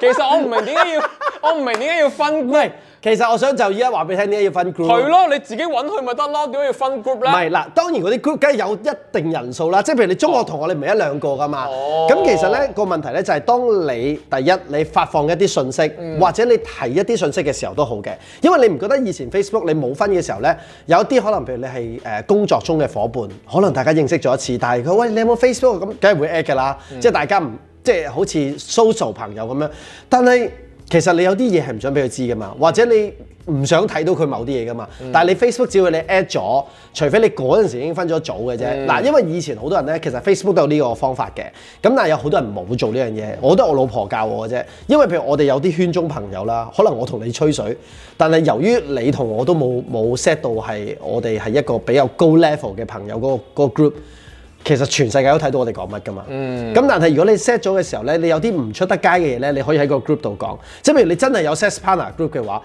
其實我唔明點解要，我唔明點解要分，唔係 其實我想就依家話俾你聽，點解要分 group？係咯，你自己揾佢咪得咯？點解要分 group 咧？唔係啦，當然嗰啲 group 梗係有一定人數啦。即係譬如你中學同學，哦、你唔係一兩個噶嘛。咁、哦、其實咧個問題咧就係、是、當你第一你發放一啲信息，嗯、或者你提一啲信息嘅時候都好嘅，因為你唔覺得以前 Facebook 你冇分嘅時候咧，有啲可能譬如你係誒工作中嘅伙伴，可能大家認識咗一次，但係佢喂你有冇 Facebook 咁，梗係會 add 嘅啦。即係大家唔即係好似 social 朋友咁樣，但係。其實你有啲嘢係唔想俾佢知噶嘛，或者你唔想睇到佢某啲嘢噶嘛。嗯、但係你 Facebook 只要你 add 咗，除非你嗰陣時已經分咗組嘅啫。嗱、嗯，因為以前好多人呢，其實 Facebook 都有呢個方法嘅。咁但係有好多人冇做呢樣嘢，我都係我老婆教我嘅啫。因為譬如我哋有啲圈中朋友啦，可能我同你吹水，但係由於你同我都冇冇 set 到係我哋係一個比較高 level 嘅朋友嗰、嗰個嗰、嗰個 group。其實全世界都睇到我哋講乜㗎嘛，咁、嗯、但係如果你 set 咗嘅時候咧，你有啲唔出得街嘅嘢咧，你可以喺個 group 度講，即係譬如你真係有 set partner group 嘅話，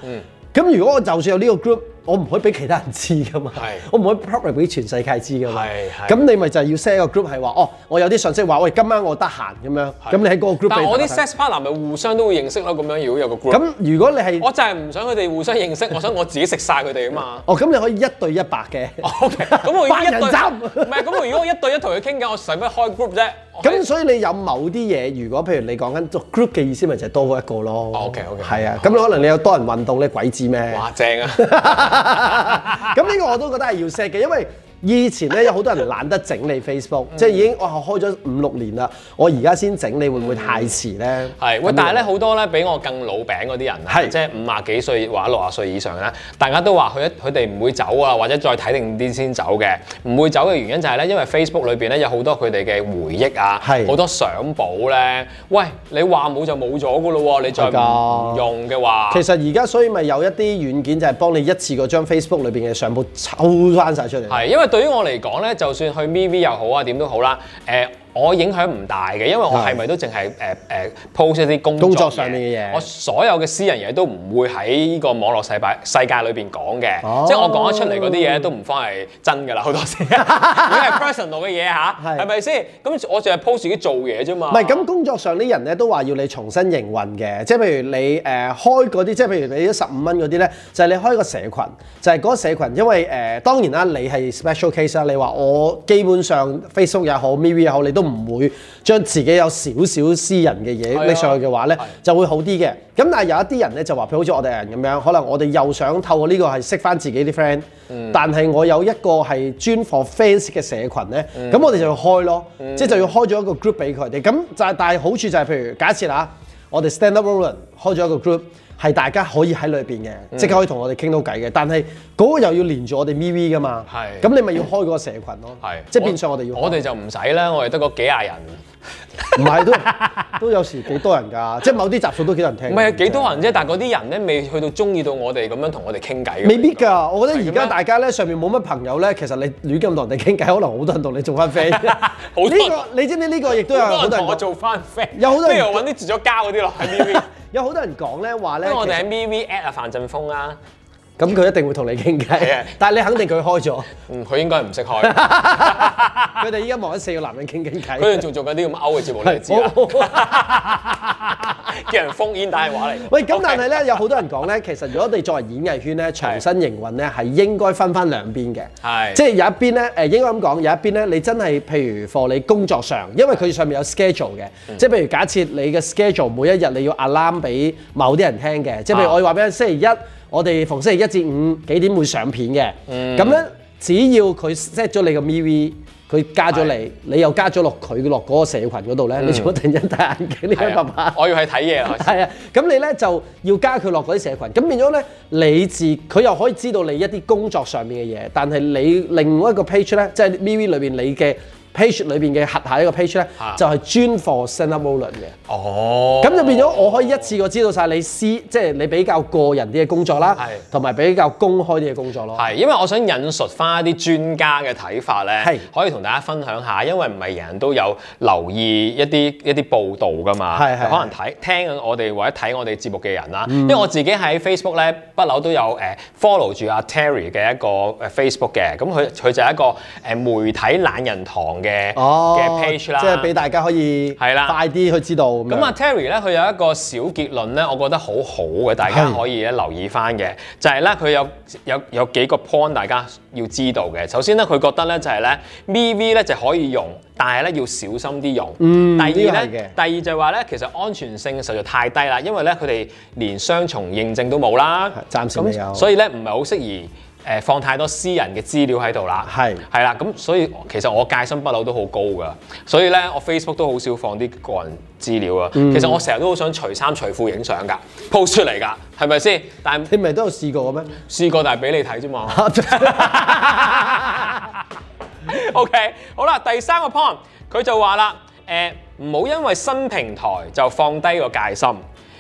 咁、嗯、如果我就算有呢個 group。我唔可以俾其他人知噶嘛，我唔可以 public 俾全世界知噶嘛。咁你咪就係要 set 一個 group 係話：「哦，我有啲信息話，喂，今晚我得閒咁樣。」咁你喺嗰個 group。但係我啲 sex partner 咪互相都會認識咯，咁樣如果有個 group。咁如果你係，我就係唔想佢哋互相認識，我想我自己食晒佢哋啊嘛。哦，咁你可以一對一白嘅。O K。咁我一對一。唔係，咁我如果一對一同佢傾偈，我使乜開 group 啫？咁對所以你有某啲嘢，如果譬如你講緊做 group 嘅意思，咪就係多嗰一個咯。哦、OK OK，係啊，咁 你楽、嗯、可能你有多人運動咧，鬼知咩？哇，正啊！咁呢個我都覺得係要 set 嘅，因為。以前咧有好多人懶得整理 Facebook、嗯、即係已經我開咗五六年啦，我而家先整理會唔會太遲咧？係，喂！但係咧好多咧比我更老餅嗰啲人，係是即係五十幾歲或者六十歲以上咧，大家都話佢一佢哋唔會走啊，或者再睇定啲先走嘅，唔會走嘅原因就係咧，因為 Facebook 裏邊咧有好多佢哋嘅回憶啊，係好是多相簿咧，喂，你話冇就冇咗㗎咯喎，你再唔用嘅話，其實而家所以咪有一啲軟件就係幫你一次過將 Facebook 裏邊嘅相簿抽翻晒出嚟，係因為。對於我嚟講咧，就算去 MeWe 又好啊，點都好啦，誒、呃。我影響唔大嘅，因為我係咪都淨係誒誒 post 一啲工作工作上面嘅嘢，我所有嘅私人嘢都唔會喺呢個網絡世界世界裏邊講嘅，哦、即係我講得出嚟嗰啲嘢都唔慌係真㗎啦，好多時，因 為 personal 嘅嘢嚇，係咪先？咁我淨係 post 自己做嘢啫嘛。唔係，咁工作上啲人咧都話要你重新營運嘅，即係譬如你誒、呃、開嗰啲，即係譬如你啲十五蚊嗰啲咧，就係、是、你開個社群，就係、是、嗰個社群，因為誒、呃、當然啦，你係 special case 啦，你話我基本上 Facebook 也好，MeWe 也好，你都。唔會將自己有少少私人嘅嘢拎上去嘅話呢，的就會好啲嘅。咁但係有一啲人呢，就話，譬如好似我哋人咁樣，可能我哋又想透過呢個係識翻自己啲 friend，嗯、但係我有一個係專 for fans 嘅社群呢，咁、嗯、我哋就要開咯，嗯、即係就要開咗一個 group 俾佢哋。咁就係但係好處就係、是，譬如假設啦，我哋 stand up alone 開咗一個 group。係大家可以喺裏邊嘅，即刻可以同我哋傾到偈嘅。但係嗰個又要連住我哋咪 V 噶嘛，係咁你咪要開個社群咯，係即係變相我哋要。我哋就唔使啦，我哋得個幾廿人，唔係都都有時幾多人㗎，即係某啲集數都幾多人聽。唔係幾多人啫，但係嗰啲人咧未去到中意到我哋咁樣同我哋傾偈未必㗎，我覺得而家大家咧上面冇乜朋友咧，其實你亂咁同人哋傾偈，可能好多人同你做翻好呢個你知唔知呢個亦都有好多人同我做翻飛。有好多人，不如揾啲住咗交嗰啲落喺咪 V。有好多人講咧話咧，因為我哋 MV V at 啊范振鋒啊。咁佢一定會同你傾偈嘅，但係你肯定佢開咗，嗯，佢應該唔識開。佢哋依家望緊四個男人傾傾偈。佢哋仲做緊啲咁嘔嘅節目，你知。叫人封煙大話嚟。喂，咁但係咧，有好多人講咧，其實如果我哋作為演藝圈咧，長身營運咧，係應該分翻兩邊嘅。係。即係有一邊咧，誒應該咁講，有一邊咧，你真係譬如 for 你工作上，因為佢上面有 schedule 嘅，即係譬如假設你嘅 schedule 每一日你要 alarm 俾某啲人聽嘅，即係譬如我話俾你，星期一。我哋逢星期一至五幾點會上片嘅，咁、嗯、樣呢，只要佢 set 咗你個 MeWe，佢加咗你，的你又加咗落佢落嗰個社群嗰度咧，嗯、你仲一定一戴眼鏡？呢的。一百萬，我要去睇嘢啊！係啊， 咁你咧就要加佢落嗰啲社群。咁變咗咧你自佢又可以知道你一啲工作上面嘅嘢，但係你另外一個 page 咧，即係 MeWe 裏邊你嘅。page 裏邊嘅核下一個 page 咧，啊、就係專 for s e n l u m 嘅。哦，咁就變咗我可以一次過知道晒你私，即係你比較個人啲嘅工作啦，係同埋比較公開啲嘅工作咯。係因為我想引述翻一啲專家嘅睇法咧，係是可以同大家分享下，因為唔係人人都有留意一啲一啲報道噶嘛，係、係是可能睇聽緊我哋或者睇我哋節目嘅人啦。嗯、因為我自己喺 Facebook 咧，不嬲都有誒 follow 住阿 Terry 嘅一個誒 Facebook 嘅，咁佢、佢就係一個誒媒體懶人堂嘅。嘅嘅、哦、的 page 啦，即係俾大家可以係啦，快啲去知道。咁啊，Terry 咧，佢樣有一個小結論咧，我覺得好好嘅，大家可以咧留意翻嘅，的就係咧佢有有有幾個 point 大家要知道嘅。首先咧，佢覺得咧就係咧，MeWe 咧就可以用，但係咧要小心啲用。嗯，第二咧，第二就係話咧，其實安全性實在太低啦，因為咧佢哋連雙重認證都冇啦，暫時沒有。咁所以咧唔係好適宜。誒放太多私人嘅資料喺度啦，係係啦，咁所以其實我戒心不嬲都好高噶，所以咧我 Facebook 都好少放啲個人資料啊。嗯、其實我成日都好想除衫除褲影相噶，post 出嚟噶，係咪先？但係你咪都有試過嘅咩？試過，但係俾你睇啫嘛。 OK，好啦，第三個 point，佢就話啦，誒唔好因為新平台就放低個戒心，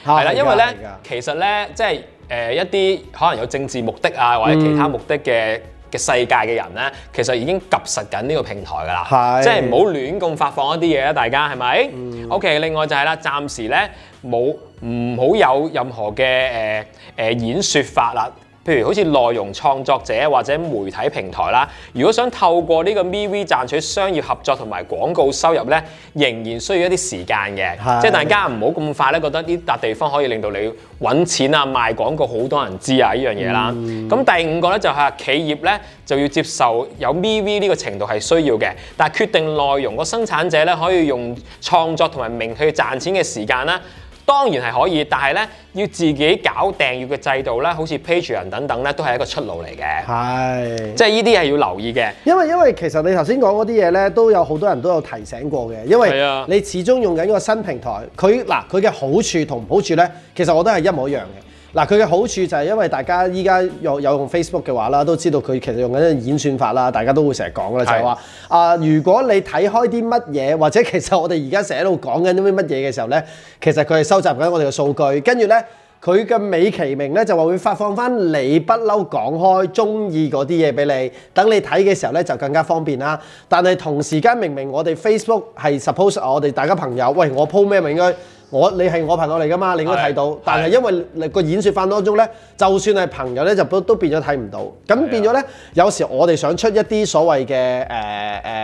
係啦、啊，的因為咧的其實咧即係。誒、呃、一啲可能有政治目的啊或者其他目的嘅嘅世界嘅人咧、啊，其實已經及實緊呢個平台㗎啦，的即係唔好亂咁發放一啲嘢啦，大家係咪，嗯、？OK，另外就係啦，暫時咧冇唔好有任何嘅誒誒演説法啦。譬如好似內容創作者或者媒體平台啦，如果想透過呢個 MeWe 賺取商業合作同埋廣告收入咧，仍然需要一啲時間嘅。的即係大家唔好咁快咧，覺得呢笪地方可以令到你揾錢啊、賣廣告好多人知啊呢樣嘢啦。咁、嗯、第五個咧就係企業咧就要接受有 MeWe 呢個程度係需要嘅，但係決定內容個生產者咧可以用創作同埋名去賺錢嘅時間啦。當然係可以，但係咧要自己搞訂閱嘅制度咧，好似 Patreon 等等咧，都係一個出路嚟嘅。係是，即係呢啲係要留意嘅，因為因為其實你頭先講嗰啲嘢咧，都有好多人都有提醒過嘅，因為你始終用緊個新平台，佢嗱佢嘅好處同唔好處咧，其實我都係一模一樣嘅。嗱，佢嘅好處就係因為大家依家用有用 Facebook 嘅話啦，都知道佢其實用緊演算法啦，大家都會成日講啦，是就係話啊，如果你睇開啲乜嘢，或者其實我哋而家成日喺度講緊啲乜嘢嘅時候呢，其實佢係收集緊我哋嘅數據，跟住呢，佢嘅美其名呢，就話會發放翻你不嬲講開中意嗰啲嘢俾你，等你睇嘅時候呢就更加方便啦。但係同時間明明我哋 Facebook 係 suppose 我哋大家朋友，喂我鋪咩咪應該？我你係我朋友嚟噶嘛？你應該睇到，啊、但係因為你個演算法當中咧，啊、就算係朋友咧，就都都變咗睇唔到。咁變咗咧，啊、有時我哋想出一啲所謂嘅誒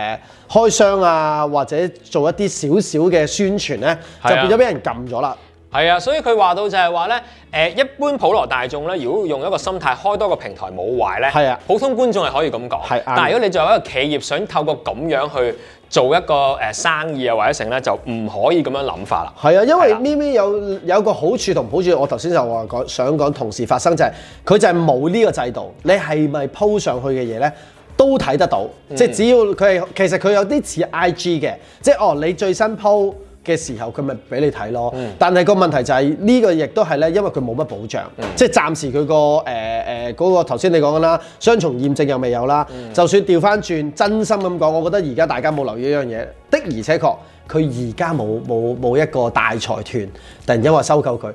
誒開箱啊，或者做一啲少少嘅宣傳咧，啊、就變咗俾人撳咗啦。係啊，所以佢話到就係話咧，誒、呃、一般普羅大眾咧，如果用一個心態開多個平台冇壞咧，係啊，普通觀眾係可以咁講，係。但係如果你作為一個企業，想透過咁樣去做一個誒、呃、生意啊，或者成咧，就唔可以咁樣諗法啦。係啊，因為呢邊有有個好處同唔好處，我頭先就話講，想講同時發生就係、是、佢就係冇呢個制度，你係咪鋪上去嘅嘢咧都睇得到，嗯、即係只要佢係其實佢有啲似 IG 嘅，即係哦你最新鋪哦哦哦嘅時候佢咪俾你睇咯，嗯、但係個問題就係、係、呢、呢個亦都係呢，因為佢冇乜保障，嗯、即係暫時佢、嗰個誒誒嗰個頭先你講緊啦，雙重驗證又未有啦。嗯、就算調翻轉，真心咁講，我覺得而家大家冇留意一樣嘢，的而且確佢而家冇冇冇一個大財團突然之間話收購佢。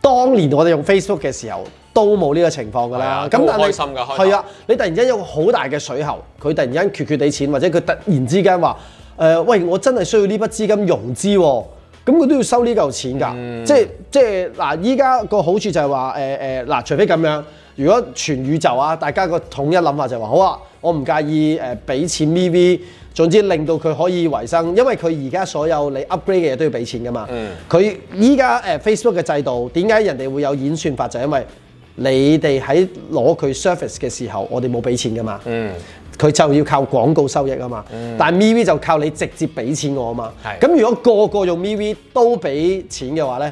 當年我哋用 Facebook 嘅時候都冇呢個情況㗎啦。咁、啊、但係係啊，你突然之間有好大嘅水喉，佢突然間缺缺地錢，或者佢突然之間話。誒、呃、喂，我真係需要呢筆資金融資、哦，咁佢都要收呢嚿錢㗎、嗯，即係即係嗱，依家個好處就係話誒誒嗱，除非咁樣，如果全宇宙啊，大家個統一諗法就係話好啊，我唔介意誒俾、呃、錢 V V，總之令到佢可以維生，因為佢而家所有你 upgrade 嘅嘢都要俾錢㗎嘛。佢依家、嗯、誒 Facebook 嘅制度，點解人哋會有演算法？就係、因為你哋喺攞佢 surface 嘅時候，我哋冇俾錢㗎嘛。嗯。佢就要靠廣告收益啊嘛，嗯、但係 MeWe 就靠你直接俾錢我啊嘛。咁是如果個個，個用 MeWe 都俾錢嘅話咧，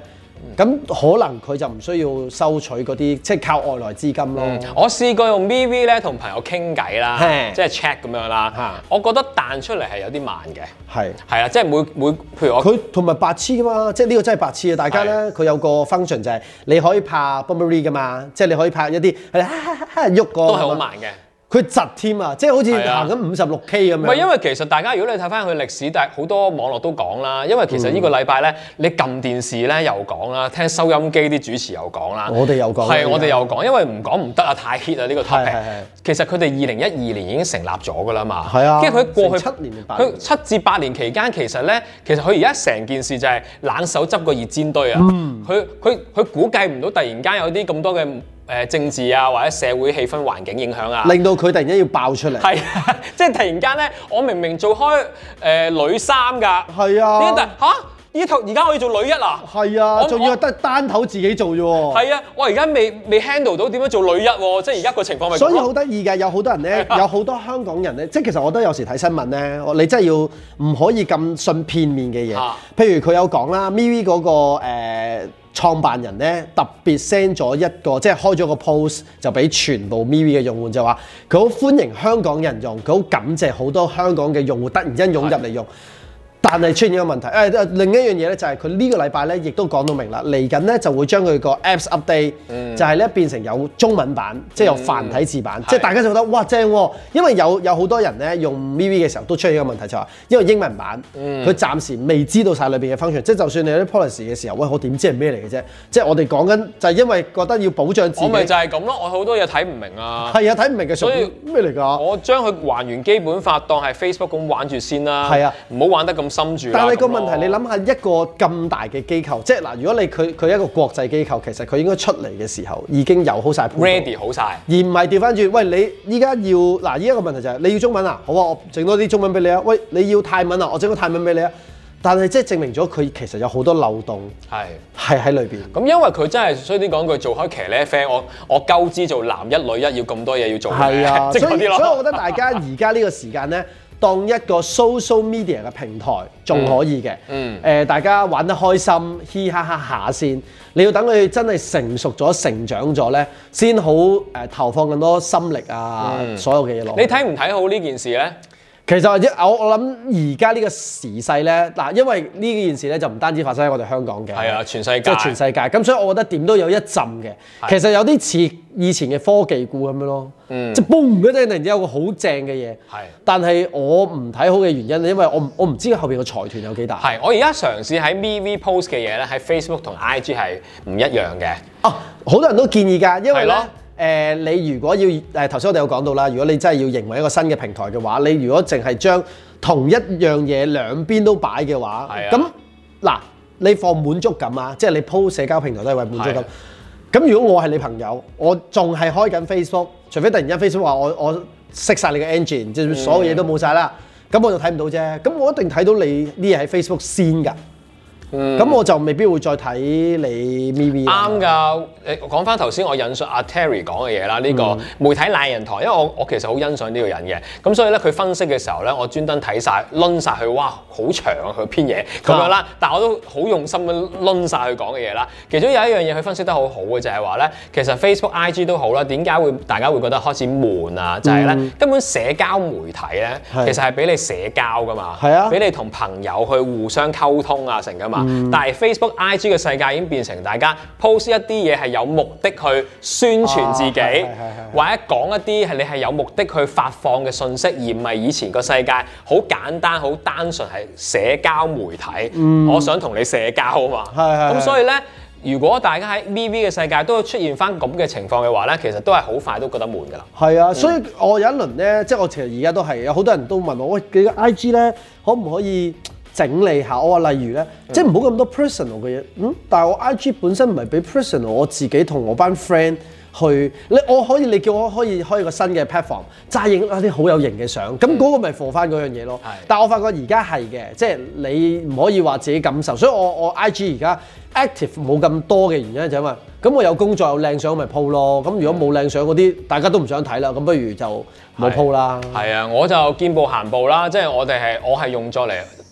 咁、嗯、可能佢就唔需要收取嗰啲，即、就、係、是、靠外來資金咯、嗯。我試過用 MeWe 咧同朋友傾偈啦，即係是 check 咁樣啦。是我覺得彈出嚟係有啲慢嘅。係係啊，即係、就是、每每譬如我佢同埋白痴㗎嘛，即係呢個真係白痴啊！大家咧佢是有個 function 就係你可以拍 Burberry 㗎嘛，即係你可以拍一啲哈哈哈喐個都係好慢嘅。佢窒添啊，即係好似行緊五十六 K 咁樣。唔係因為其實大家如果你睇翻佢歷史，但係好多網絡都講啦。因為其實呢個禮拜咧，嗯、你撳電視咧又講啦，聽收音機啲主持又講啦，我哋又講，係是也我哋又講，因為唔講唔得啊，太 hit 啊呢個 topic 其實佢哋二零一二年已經成立咗㗎啦嘛，係啊，跟住佢過去七年、七至八年期間其實呢，其實咧，其實佢而家成件事就係冷手執個熱煎堆啊，嗯，佢佢佢估計唔到突然間有啲咁多嘅誒政治啊或者社會氣氛環境影響啊，令到佢突然間要爆出嚟，係、啊、即係突然間咧，我明明做開誒、呃、女衫㗎，係啊，點解突然、啊。呢套而家可以做女一啦，係啊，仲、嗯、要得單頭自己做啫喎。係啊，我而家未未 handle 到點樣做女一、啊，即而家個情況咪。所以好得意嘅，有好多人咧，啊、有好多香港人咧，即係其實我都有時睇新聞咧，你真係要唔可以咁信片面嘅嘢。啊、譬如佢有講啦，MeWe 嗰個誒、呃、創辦人咧特別 send 咗一個，即係開咗個 post 就俾全部 MeWe 嘅用戶就話，佢好歡迎香港人用，佢好感謝好多香港嘅用戶突然間湧入嚟用。但係出現一個問題，誒、呃、另一樣嘢咧就係佢呢個禮拜咧亦都講到明啦，嚟緊咧就會將佢個 Apps update，嗯、就係咧變成有中文版，即係有繁體字版，嗯、即係大家就覺得哇正，因為有有好多人咧用 MeWe 嘅時候都出現一個問題，就話因為英文版，佢暫時未知道晒裏邊嘅 function，即係就算你有啲 policy 嘅時候，喂我點知係咩嚟嘅啫？即係我哋講緊就係因為覺得要保障自己，我咪就係咁咯，我好多嘢睇唔明啊，係啊睇唔明嘅，所以咩嚟㗎？我將佢還原基本法當係 Facebook 咁玩住先啦，係啊，唔好、啊、玩得咁。但係個問題，你諗下一個咁大嘅機構，即係嗱，如果你佢佢一個國際機構，其實佢應該出嚟嘅時候已經有好晒 ready 好晒，而唔係調翻轉，喂，你依家要嗱依家個問題就係、是、你要中文啊，好啊，我整多啲中文俾你啊，喂，你要泰文啊，我整個泰文俾你啊，但係即係證明咗佢其實有好多漏洞是，係係喺裏邊。咁因為佢真係衰啲講句，做開騎呢啡，我我鳩知做男一女一要咁多嘢要做嘅，係啊 所所，所以我覺得大家而家呢個時間咧。 當一個 social media 嘅平台仲可以嘅，誒、嗯呃、大家玩得開心，嘻哈哈下先。你要等佢真係成熟咗、成長咗咧，先好誒、呃、投放更多心力啊，嗯、所有嘅嘢落。你睇唔睇好呢件事咧？其實我我諗而家呢個時勢咧，嗱，因為呢件事咧就唔單止發生喺我哋香港嘅，係啊，全世界即係全世界。咁所以我覺得點都有一浸嘅。的其實有啲似以前嘅科技股咁樣咯，嗯，即係 boom 嗰陣突然之間有個正的好正嘅嘢，係。但係我唔睇好嘅原因，因為我我唔知後邊嘅財團有幾大。係，我而家嘗試喺 MeWe Post 嘅嘢咧，喺 Facebook 同 IG 係唔一樣嘅。哦、啊，好多人都建議㗎，因為咧。誒、呃，你如果要，誒，頭先我哋有講到啦，如果你真係要營運一個新嘅平台嘅話，你如果淨係將同一樣嘢兩邊都擺嘅話，咁嗱是、啊，你放滿足感啊，即係你鋪社交平台都係為滿足感。咁是、啊、如果我係你朋友，我仲係開緊 Facebook，除非突然間 Facebook 話我我熄曬你嘅 engine，即係所有嘢都冇晒啦，咁、嗯、我就睇唔到啫。咁我一定睇到你呢嘢喺 Facebook 先㗎。咁我就未必會再睇你咪咪。啱、欸、㗎，誒講翻頭先我引述阿 Terry 講嘅嘢啦，呢、這個媒體懶人台，因為我我其實好欣賞呢個人嘅，咁所以咧佢分析嘅時候咧，我專登睇晒，攆晒佢，哇，好長佢、啊、篇嘢咁樣啦，但係我都好用心嘅攆晒佢講嘅嘢啦。其中有一樣嘢佢分析得好好嘅就係話咧，其實 Facebook IG 都好啦，點解會大家會覺得開始悶啊？就係、是、咧、嗯、根本社交媒體咧，是其實係俾你社交㗎嘛，係啊，俾你同朋友去互相溝通啊成㗎嘛。但係 Facebook、IG 嘅世界已經變成大家 post 一啲嘢係有目的去宣傳自己，啊、或者講一啲係你係有目的去發放嘅信息，而唔係以前個世界好簡單、好單純係社交媒體。嗯、我想同你社交啊嘛。係係。咁所以咧，如果大家喺 MeWe 嘅世界都會出現翻咁嘅情況嘅話咧，其實都係好快都覺得悶㗎啦。係啊，所以我有一輪咧，即係我其實而家都係有好多人都問我喂，你嘅 IG 咧可唔可以？整理下，我話例如咧，嗯、即係唔好咁多 personal 嘅嘢。嗯，但係我 IG 本身唔係俾 personal，我自己同我班 friend 去。你我可以，你叫我可以開個新嘅 platform，齋影一啲好有型嘅相。咁嗰、嗯、個咪放翻嗰樣嘢咯。係，但我發覺而家係嘅，即、就、係、是、你唔可以話自己感受。所以我我 IG 而家 active 冇咁多嘅原因就因為，咁我有工作有靚相咪 po 咯。咁如果冇靚相嗰啲，大家都唔想睇啦。咁不如就冇 po 啦。係啊，我就見步行步啦。即係我哋係我係用咗嚟。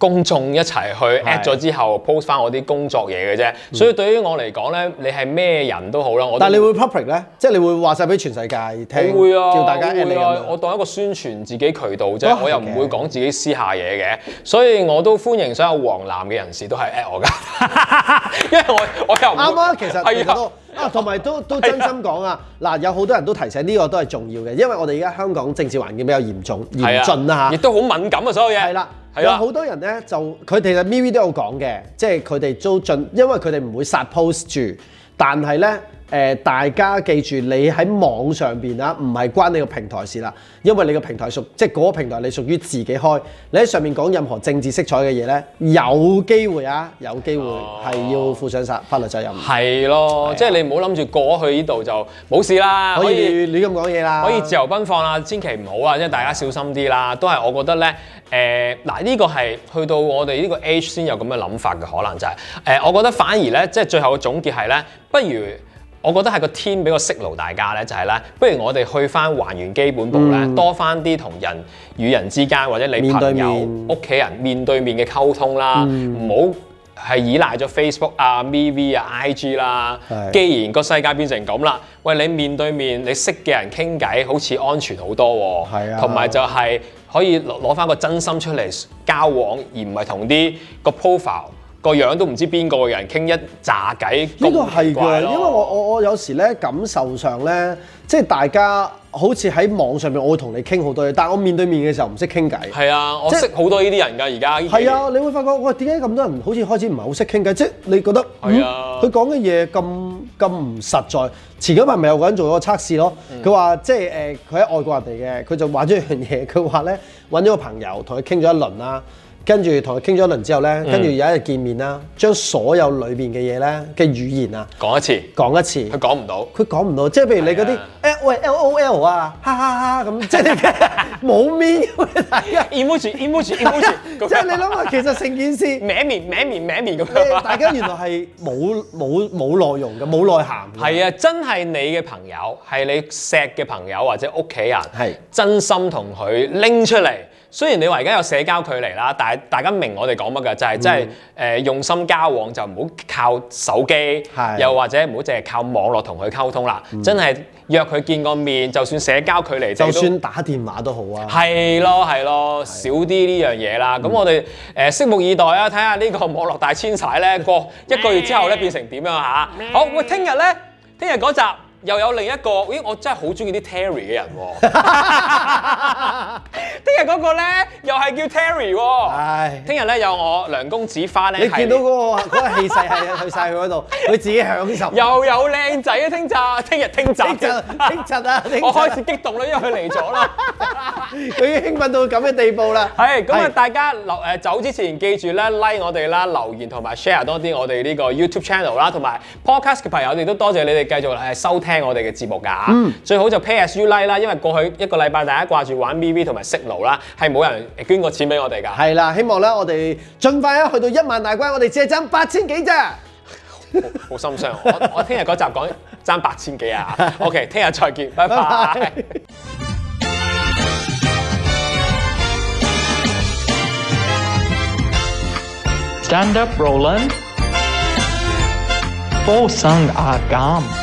公眾一齊去 at 咗之後 post 翻我啲工作嘢嘅啫，所以對於我嚟講咧，你係咩人都好啦。但係你會 public 咧，即係你會話晒俾全世界聽，叫大家 at 你。我當一個宣傳自己渠道啫，我又唔會講自己私下嘢嘅，所以我都歡迎所有黃藍嘅人士都係 at 我㗎，因為我我又唔啱其實啊，同埋都都真心講啊，嗱，有好多人都提醒呢個都係重要嘅，因為我哋而家香港政治環境比較嚴重嚴峻啊，亦都好敏感啊，所有嘢。有好多人咧，就佢哋嘅 MeWe 都有講嘅，即係佢哋租進，因為佢哋唔會殺 post 住，但係咧。誒，大家記住，你喺網上邊啊，唔係關你個平台事啦，因為你個平台屬即係嗰個平台，你屬於自己開。你喺上面講任何政治色彩嘅嘢咧，有機會啊，有機會係要負上法律責任。係咯，即係你唔好諗住過去呢度就冇事啦，可以，可以亂咁講嘢啦，可以自由奔放啦，千祈唔好啊，即係大家小心啲啦。都係我覺得咧，誒嗱呢個係去到我哋呢個 H 先有咁嘅諗法嘅可能就係、是、誒、呃，我覺得反而咧，即係最後嘅總結係咧，不如。我覺得係個天俾個 signal 大家咧，就係咧，不如我哋去翻還原基本步咧，嗯、多翻啲同人與人之間或者你朋友屋企人面對面嘅溝通啦，唔好係依賴咗 Facebook 啊、MeWe 啊、IG 啦。是既然個世界變成咁啦，喂，你面對面你識嘅人傾偈好似安全好多喎，同、啊、埋、啊、就係可以攞攞翻個真心出嚟交往，而唔係同啲個 profile。個樣都唔知邊個嘅人傾一詐偈，呢個係嘅，因為我我我有時咧感受上咧，即係大家好似喺網上面，我會同你傾好多嘢，但我面對面嘅時候唔識傾偈。係啊，我即識好多呢啲人㗎，而家係啊，你會發覺，喂，點解咁多人好似開始唔係好識傾偈？即係你覺得，係啊，佢講嘅嘢咁咁唔實在。前幾排咪有個人做咗個測試咯，佢話、嗯、即係誒，佢、呃、喺外國人哋嘅，佢就話咗一樣嘢，佢話咧搵咗個朋友同佢傾咗一輪啦。跟住同佢傾咗輪之後咧，跟住有一日見面啦，將所有裏邊嘅嘢咧嘅語言啊講一次，講一次，佢講唔到，佢講唔到，即係譬如你嗰啲誒喂 L O L 啊，哈哈哈咁，即係冇 面 me 家即係你諗下，其實成件事咩面咩面咩面咁樣， 大家原來係冇冇冇內容嘅，冇內涵。係啊，真係你嘅朋友，係你錫嘅朋友或者屋企人，係真，真心同佢拎出嚟。雖然你話而家有社交距離啦，但係大家明我哋講乜嘅，就係真係誒用心交往，就唔好靠手機，是又或者唔好淨係靠網絡同佢溝通啦。嗯、真係約佢見個面，就算社交距離，就算打電話都好啊。係咯係咯，少啲呢樣嘢啦。咁我哋誒、呃、拭目以待啊，睇下呢個網絡大千徙大遷徙咧，過一個月之後咧變成點樣嚇？好，喂聽日咧，聽日嗰集。又有另一個咦！我真係好中意啲 Terry 嘅人聽、哦、日 個咧，又係叫 Terry 喎、哦。聽日咧有我梁公子花咧你見到、嗰個個嗰 個氣勢係去曬佢度，佢自己享受。又有靚仔啊！聽日，聽日聽日，聽日啊！我開始激動啦，因為佢嚟咗啦。佢 已經興奮到咁嘅地步啦。係咁啊，大家留誒走之前記住咧，like 我哋啦，留言同埋 share 多啲我哋呢個 YouTube channel 啦，同埋 Podcast 嘅朋友，我哋都多謝你哋繼續誒收聽。聽我哋嘅節目噶吓。嗯、最好就 pay as you like 啦，因為過去一個禮拜大家掛住玩 MeWe 同埋 Signal 啦，係冇人捐過錢俾我哋噶。係啦，希望咧我哋盡快啊去到一萬大關，我哋只係爭八千幾咋 。好心傷，我我聽日嗰集講爭八千幾啊。OK，聽日再見，拜拜。Stand up, Roland. For some are gone